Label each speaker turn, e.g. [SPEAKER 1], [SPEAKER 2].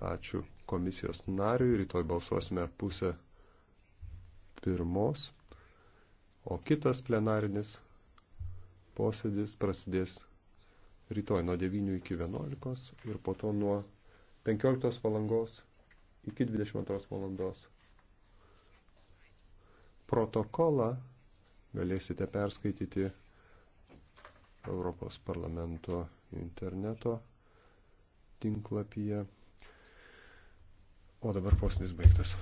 [SPEAKER 1] Ačiū komisijos nariui. Rytoj balsuosime pusę pirmos, o kitas plenarinis posėdis prasidės rytoj nuo 9 iki 11 ir po to nuo 15 valandos iki 22 valandos. Protokolą galėsite perskaityti Europos parlamento interneto tinklapyje. O dabar posėdis baigtas.